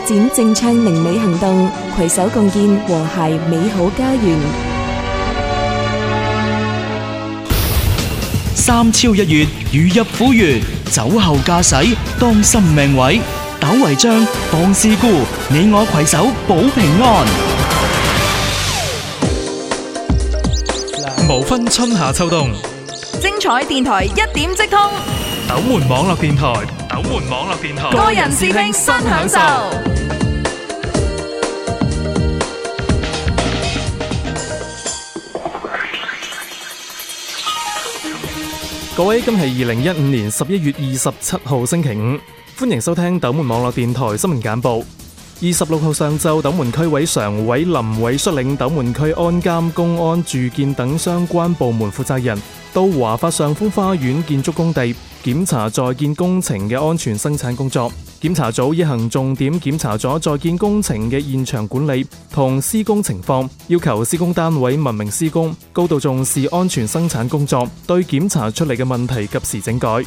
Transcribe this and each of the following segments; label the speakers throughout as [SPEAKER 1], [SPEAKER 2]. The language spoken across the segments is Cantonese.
[SPEAKER 1] 開展正創明美行
[SPEAKER 2] 動，攜手共建和諧美好家園。三超一越，如入虎穴，酒後駕駛當心命危，鬥違章防事故，你我攜手保平安。無分春夏秋冬，精彩電台一點即通，斗門網絡電台。斗門網絡電台，個人視聽新享受。各位，今係二零一五年十一月二十七號星期五，歡迎收聽斗門網絡電台新聞簡報。二十六號上晝，斗門區委常委林偉率領斗門區安監、公安、住建等相關部門負責人到華發上峰花園建築工地檢查在建工程嘅安全生產工作。檢查組一行重點檢查咗在建工程嘅現場管理同施工情況，要求施工單位文明施工，高度重視安全生產工作，對檢查出嚟嘅問題及時整改。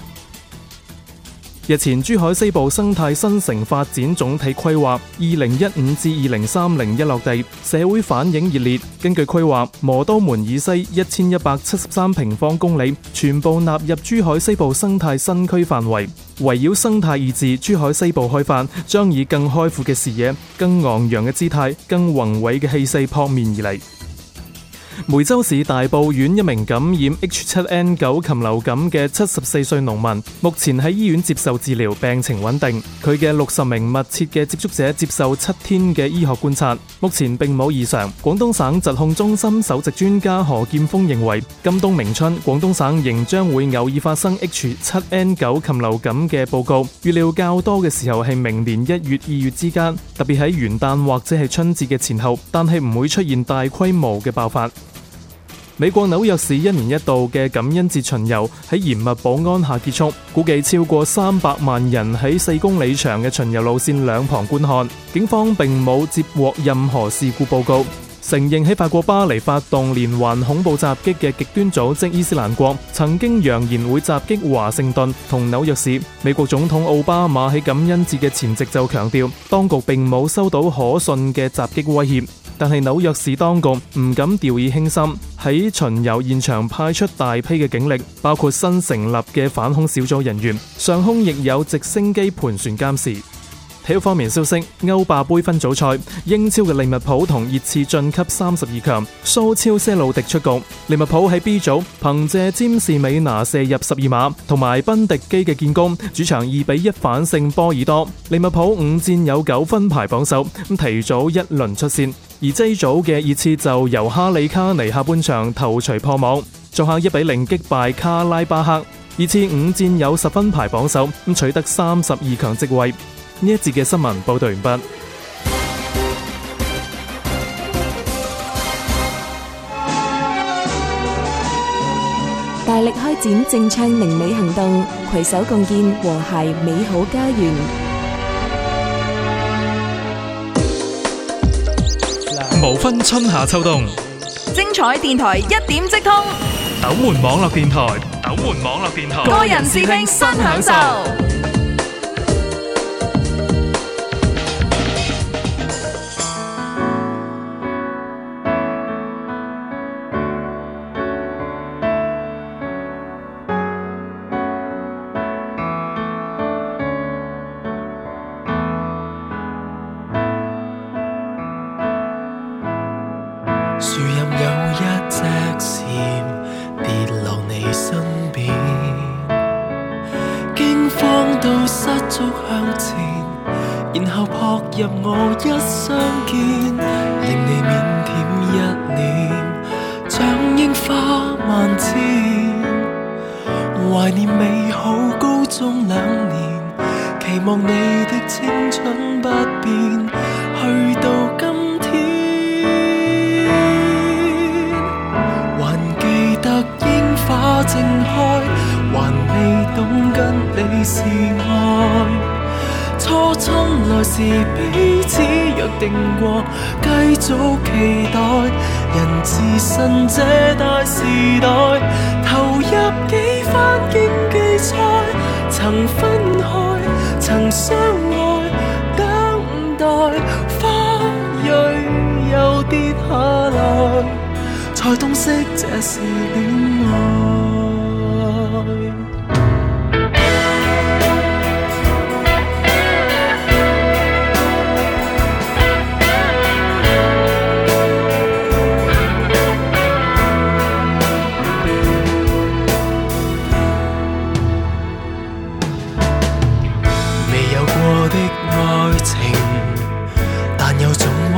[SPEAKER 2] 日前，珠海西部生態新城發展總體規劃（二零一五至二零三零）一落地，社會反應熱烈。根據規劃，磨刀門以西一千一百七十三平方公里全部納入珠海西部生態新區範圍。圍繞“生態”二字，珠海西部開發將以更開闊嘅視野、更昂揚嘅姿態、更宏偉嘅氣勢撲面而嚟。梅州市大埔縣一名感染 H 七 N 九禽流感嘅七十四歲農民，目前喺醫院接受治療，病情穩定。佢嘅六十名密切嘅接觸者接受七天嘅醫學觀察，目前並冇異常。廣東省疾控中心首席專家何劍鋒認為，今冬明春廣東省仍將會偶爾發生 H 七 N 九禽流感嘅報告，預料較多嘅時候係明年一月、二月之間，特別喺元旦或者係春節嘅前後，但係唔會出現大規模嘅爆發。美國紐約市一年一度嘅感恩節巡遊喺嚴密保安下結束，估計超過三百萬人喺四公里長嘅巡遊路線兩旁觀看。警方並冇接獲任何事故報告，承認喺法國巴黎發動連環恐怖襲擊嘅極端組織伊斯蘭國曾經揚言會襲擊華盛頓同紐約市。美國總統奧巴馬喺感恩節嘅前夕就強調，當局並冇收到可信嘅襲擊威脅。但係紐約市當局唔敢掉以輕心，喺巡遊現場派出大批嘅警力，包括新成立嘅反恐小組人員，上空亦有直升機盤旋監視。體育方面消息，歐霸杯分組賽，英超嘅利物浦同熱刺晉級三十二強，蘇超些路迪出局。利物浦喺 B 組，憑借詹士美拿射入十二碼同埋賓迪基嘅建功，主場二比一反勝波爾多。利物浦五戰有九分排榜首，咁提早一輪出線。而 J 組嘅熱刺就由哈利卡尼下半場頭錘破網，作客一比零擊敗卡拉巴克。熱刺五戰有十分排榜首，咁取得三十二強席位。呢一節嘅新聞報道完畢。大力開展淨暢寧美行動，攜手共建和諧美好家園。無分春夏秋冬，精彩電台一點即通。斗門網絡電台，斗門網絡電台，個人視聽新享受。
[SPEAKER 3] 懷念美好高中兩年，期望你的青春不變。去到今天，還記得櫻花正開，還未懂跟你示愛。初春來時彼此約定過，繼續期待。人置身這大時代，投入幾番競技賽，曾分開，曾相愛，等待花蕊又跌下來，才洞悉這是戀愛。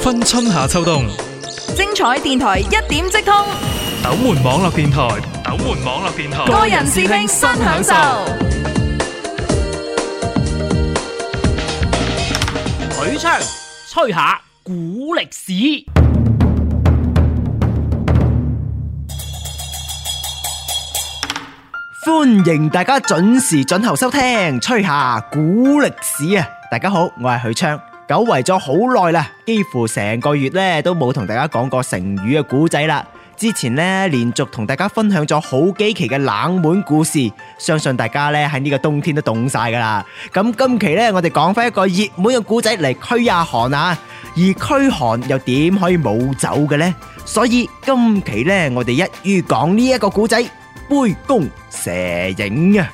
[SPEAKER 2] 分春夏秋冬，精彩電台一點即通。斗門網絡電台，斗門網絡電台，個人視聽新
[SPEAKER 3] 享受。
[SPEAKER 4] 許昌，吹下古歷史，
[SPEAKER 1] 歡迎大家準時準候收聽《吹下古歷史》啊！大家好，我係許昌。久違咗好耐啦，幾乎成個月咧都冇同大家講過成語嘅古仔啦。之前咧連續同大家分享咗好幾期嘅冷門故事，相信大家咧喺呢個冬天都凍晒噶啦。咁今期咧我哋講翻一個熱門嘅古仔嚟驅下寒啊！而驅寒又點可以冇酒嘅呢？所以今期咧我哋一於講呢一個古仔杯弓蛇影啊！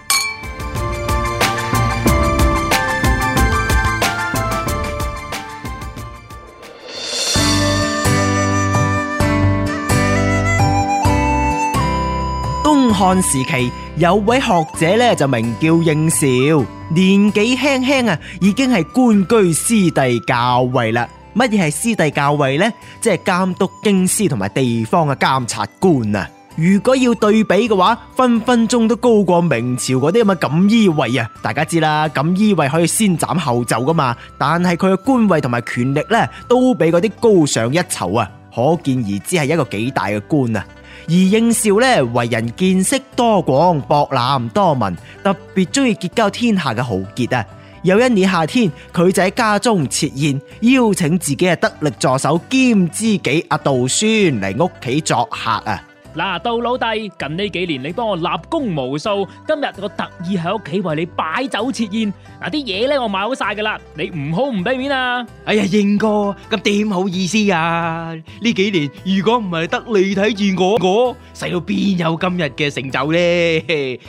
[SPEAKER 1] 漢時期有位學者咧就名叫應劭，年紀輕輕啊，已經係官居司隸校尉啦。乜嘢係司隸校尉呢？即係監督京師同埋地方嘅監察官啊。如果要對比嘅話，分分鐘都高過明朝嗰啲咁嘅錦衣衛啊。大家知啦，錦衣衛可以先斬後奏噶嘛，但係佢嘅官位同埋權力呢，都比嗰啲高上一籌啊。可見而知係一個幾大嘅官啊。而應少咧為人見識多廣，博覽多聞，特別中意結交天下嘅豪傑啊！有一年夏天，佢就喺家中設宴，邀請自己嘅得力助手兼知己阿杜孫嚟屋企作客啊！
[SPEAKER 4] 嗱，到老弟，近呢幾年你幫我立功無數，今日我特意喺屋企為你擺酒設宴。嗱，啲嘢咧我買好晒噶啦，你唔好唔俾面啊！哎呀，應哥，咁點好意思呀？呢幾年如果唔係得你睇住我，我使到邊有今日嘅成就咧？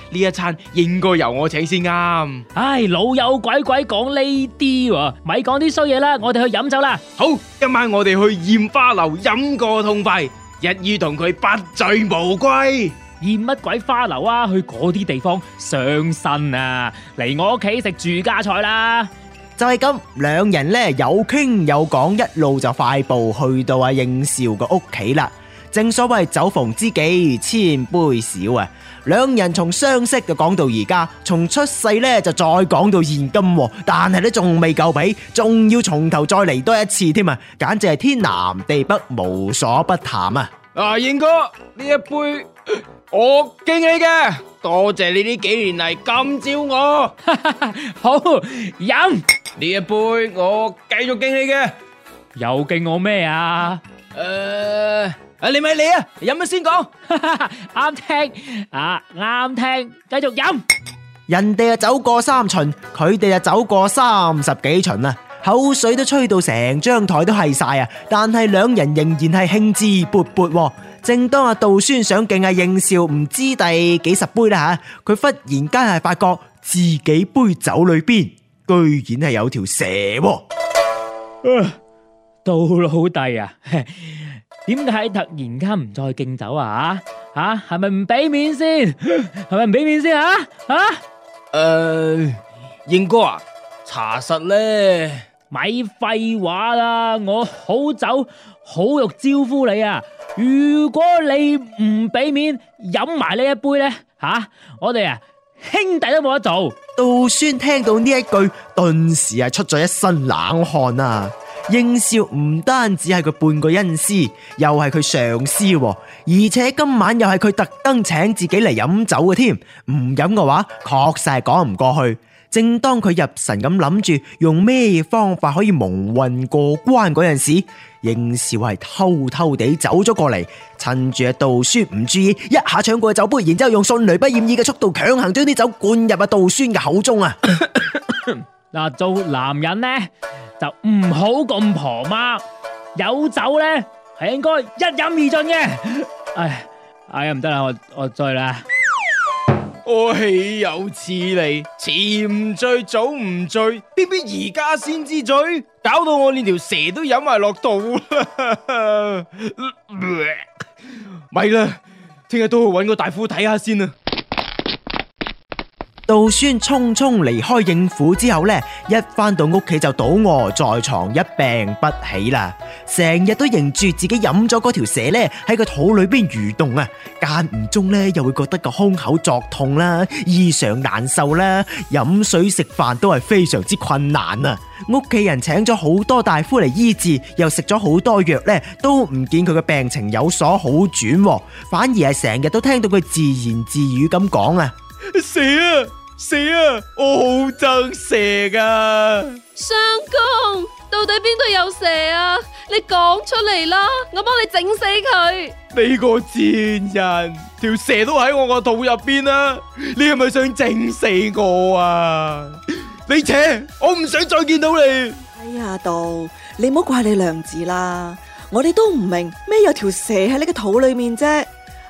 [SPEAKER 4] 呢一餐應該由我請先啱。唉，老友鬼鬼講呢啲喎，咪講啲衰嘢啦，我哋去飲酒啦。好，今晚我哋去艷花樓飲個痛快。一於同佢不醉無歸，嫌乜鬼花樓啊？去嗰啲地方傷身啊！嚟我屋企食住家菜啦！就係咁，兩
[SPEAKER 1] 人咧有傾有講，一路就快步去到阿、啊、應少嘅屋企啦。正所謂酒逢知己千杯少啊！兩人從相識就講到而家，從出世咧就再講到現今，但係咧仲未夠皮，仲要從頭再嚟多一次添啊！簡直係天南地北無所不談啊！
[SPEAKER 4] 啊，燕哥呢一杯我敬你嘅，多謝你呢幾年嚟咁照我，好飲呢一杯我繼續敬你嘅，又敬我咩啊？誒～啊！你咪你啊！飲咗先講？啱聽啊！啱聽，繼續飲。
[SPEAKER 1] 人哋啊走過三巡，佢哋啊走過三十幾巡啦，口水都吹到成張台都係晒啊！但係兩人仍然係興致勃勃。正當阿杜孫想敬啊應笑，唔知第幾十杯啦吓，佢忽然間係發覺自己杯酒裏邊居然係有條蛇。啊！
[SPEAKER 4] 杜老弟啊！點解突然間唔再敬酒啊？吓吓係咪唔俾面先？係咪唔俾面先啊？吓誒，應哥啊，查實咧，咪廢話啦！我好酒好肉招呼你啊！如果你唔俾面飲埋呢一杯咧，吓我哋啊兄弟都冇得做。杜鵑聽到呢一句，頓時係出咗一身冷
[SPEAKER 1] 汗啊！應少唔單只係佢半個恩師，又係佢上司，而且今晚又係佢特登請自己嚟飲酒嘅添。唔飲嘅話，確實係講唔過去。正當佢入神咁諗住用咩方法可以蒙混過關嗰陣時，應少係偷偷地走咗過嚟，趁住阿道宣唔注意，一下搶過酒杯，然之後用迅雷不掩耳嘅速度強行將啲酒灌入阿道宣嘅口中啊！
[SPEAKER 4] 嗱， 做男人呢？就唔好咁婆媽，有酒咧係應該一飲而盡嘅。唉，唉唔得啦，我我醉啦，我豈有此理！遲唔醉早唔醉，偏偏而家先知醉，搞到我連條蛇都飲埋落肚啦。咪 啦，聽日都去搵個大夫睇下先啦。
[SPEAKER 1] 杜宣匆匆離開應府之後呢，一返到屋企就倒臥在床，一病不起啦。成日都凝住自己飲咗嗰條蛇呢，喺個肚裏邊蠕動啊，間唔中呢又會覺得個胸口作痛啦，異常難受啦，飲水食飯都係非常之困難啊。屋企人請咗好多大夫嚟醫治，又食咗好多藥呢，都唔見佢嘅病情有所好轉，反而係成日都聽到佢自言自語咁講啊，
[SPEAKER 3] 蛇啊！死啊！我好憎蛇啊！
[SPEAKER 2] 相公，到底邊度有蛇啊？你講出嚟啦，我幫你整死佢。
[SPEAKER 4] 你個賤人，條蛇都喺我個肚入邊啦，你係咪想整死我啊？你扯，我唔想再見到你。哎呀，道，你唔好怪你娘子啦，我哋都唔明咩有條蛇喺你個肚裏面啫。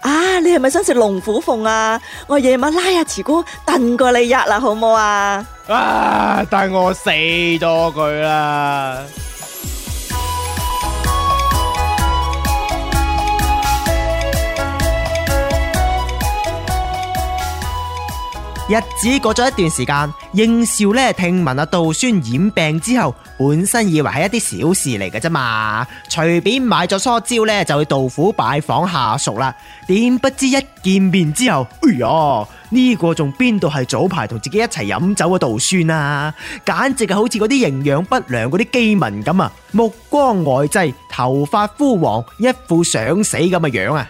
[SPEAKER 4] 啊！你係咪想食龍虎鳳啊？我夜晚拉下慈姑
[SPEAKER 1] 燉過你吔啦，好唔好啊？啊！但我死
[SPEAKER 4] 咗佢啦。
[SPEAKER 1] 日子過咗一段時間，應少呢聽聞阿杜孫染病之後，本身以為係一啲小事嚟嘅啫嘛，隨便買咗梳蕉呢，就去杜府拜訪下屬啦。點不知一見面之後，哎呀呢、這個仲邊度係早排同自己一齊飲酒嘅杜孫啊！簡直係好似嗰啲營養不良嗰啲饑民咁啊，目光呆滯，頭髮枯黃，一副想死咁嘅
[SPEAKER 4] 樣啊！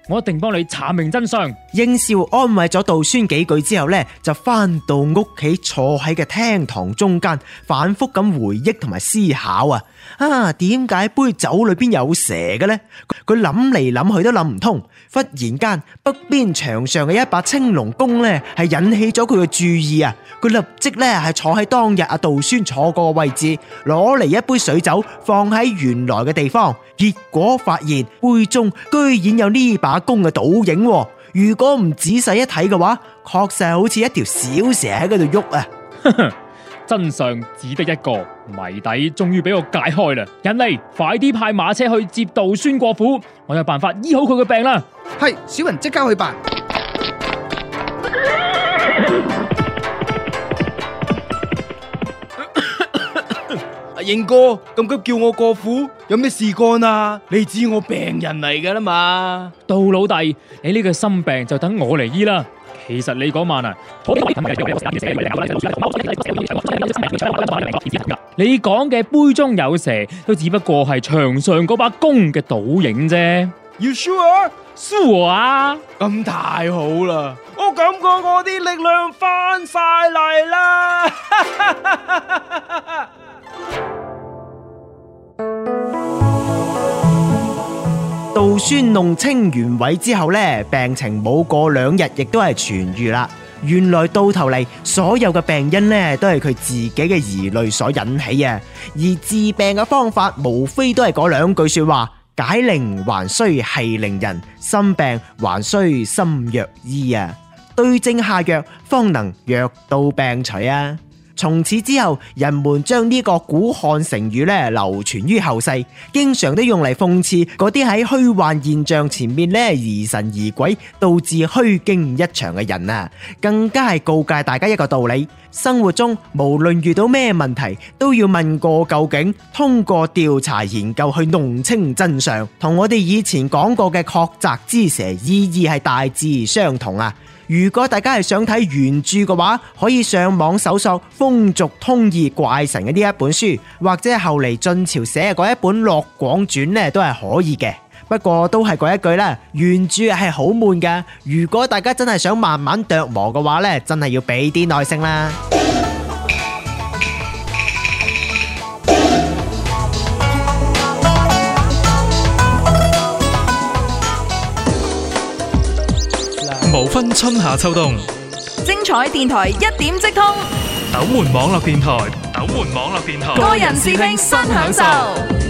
[SPEAKER 4] 我一定幫你查明真相。英少
[SPEAKER 1] 安慰咗杜孫幾句之後咧，就翻到屋企坐喺嘅廳堂中間，反復咁回憶同埋思考啊！啊，點解杯酒裏邊有蛇嘅咧？佢諗嚟諗去都諗唔通。忽然間，北邊牆上嘅一把青龍弓咧，係引起咗佢嘅注意啊！佢立即咧係坐喺當日阿杜孫坐過嘅位置，攞嚟一杯水酒放喺原來嘅地方，結果發現杯中居然有呢把。.公嘅倒影，如果唔仔細一睇嘅話，確實好似一條小蛇喺嗰度喐啊！
[SPEAKER 4] 真相只得一個，謎底終於俾我解開啦！人嚟，快啲派馬車去接杜孫過府，我有辦法醫好佢嘅病啦！係，小云即刻去辦。應哥咁急叫我過府，有咩事幹啊？你知我病人嚟噶啦嘛？杜老弟，你呢個心病就等我嚟醫啦。其實你嗰晚啊，我點解要講呢？你講嘅杯中有蛇，都只不過係牆上嗰把弓嘅倒影啫。You sure？Sure 啊？咁太好啦！
[SPEAKER 3] 我感覺我啲力量翻晒嚟啦！
[SPEAKER 1] 父孫弄清原委之後呢病情冇過兩日，亦都係痊愈啦。原來到頭嚟，所有嘅病因呢都係佢自己嘅疑慮所引起嘅。而治病嘅方法，無非都係嗰兩句說話：解鈴還需係鈴人，心病還需心藥醫啊。對症下藥，方能藥到病除啊！從此之後，人們將呢個古漢成語呢流傳於後世，經常都用嚟諷刺嗰啲喺虛幻現象前面呢疑神疑鬼，導致虛驚一場嘅人啊！更加係告誡大家一個道理：生活中無論遇到咩問題，都要問過究竟，通過調查研究去弄清真相，同我哋以前講過嘅“竊賊之蛇”意義係大致相同啊！如果大家係想睇原著嘅話，可以上網搜索《風俗通義怪神》嘅呢一本書，或者係後嚟晉朝寫嘅嗰一本《落廣傳》咧，都係可以嘅。不過都係嗰一句啦，原著係好悶㗎。如果大家真係想慢慢琢磨嘅話咧，真係要俾啲耐性啦。
[SPEAKER 2] 無分春夏秋冬，精彩電台一點即通。斗門網絡電台，斗門網絡電台，個人視聽新享受。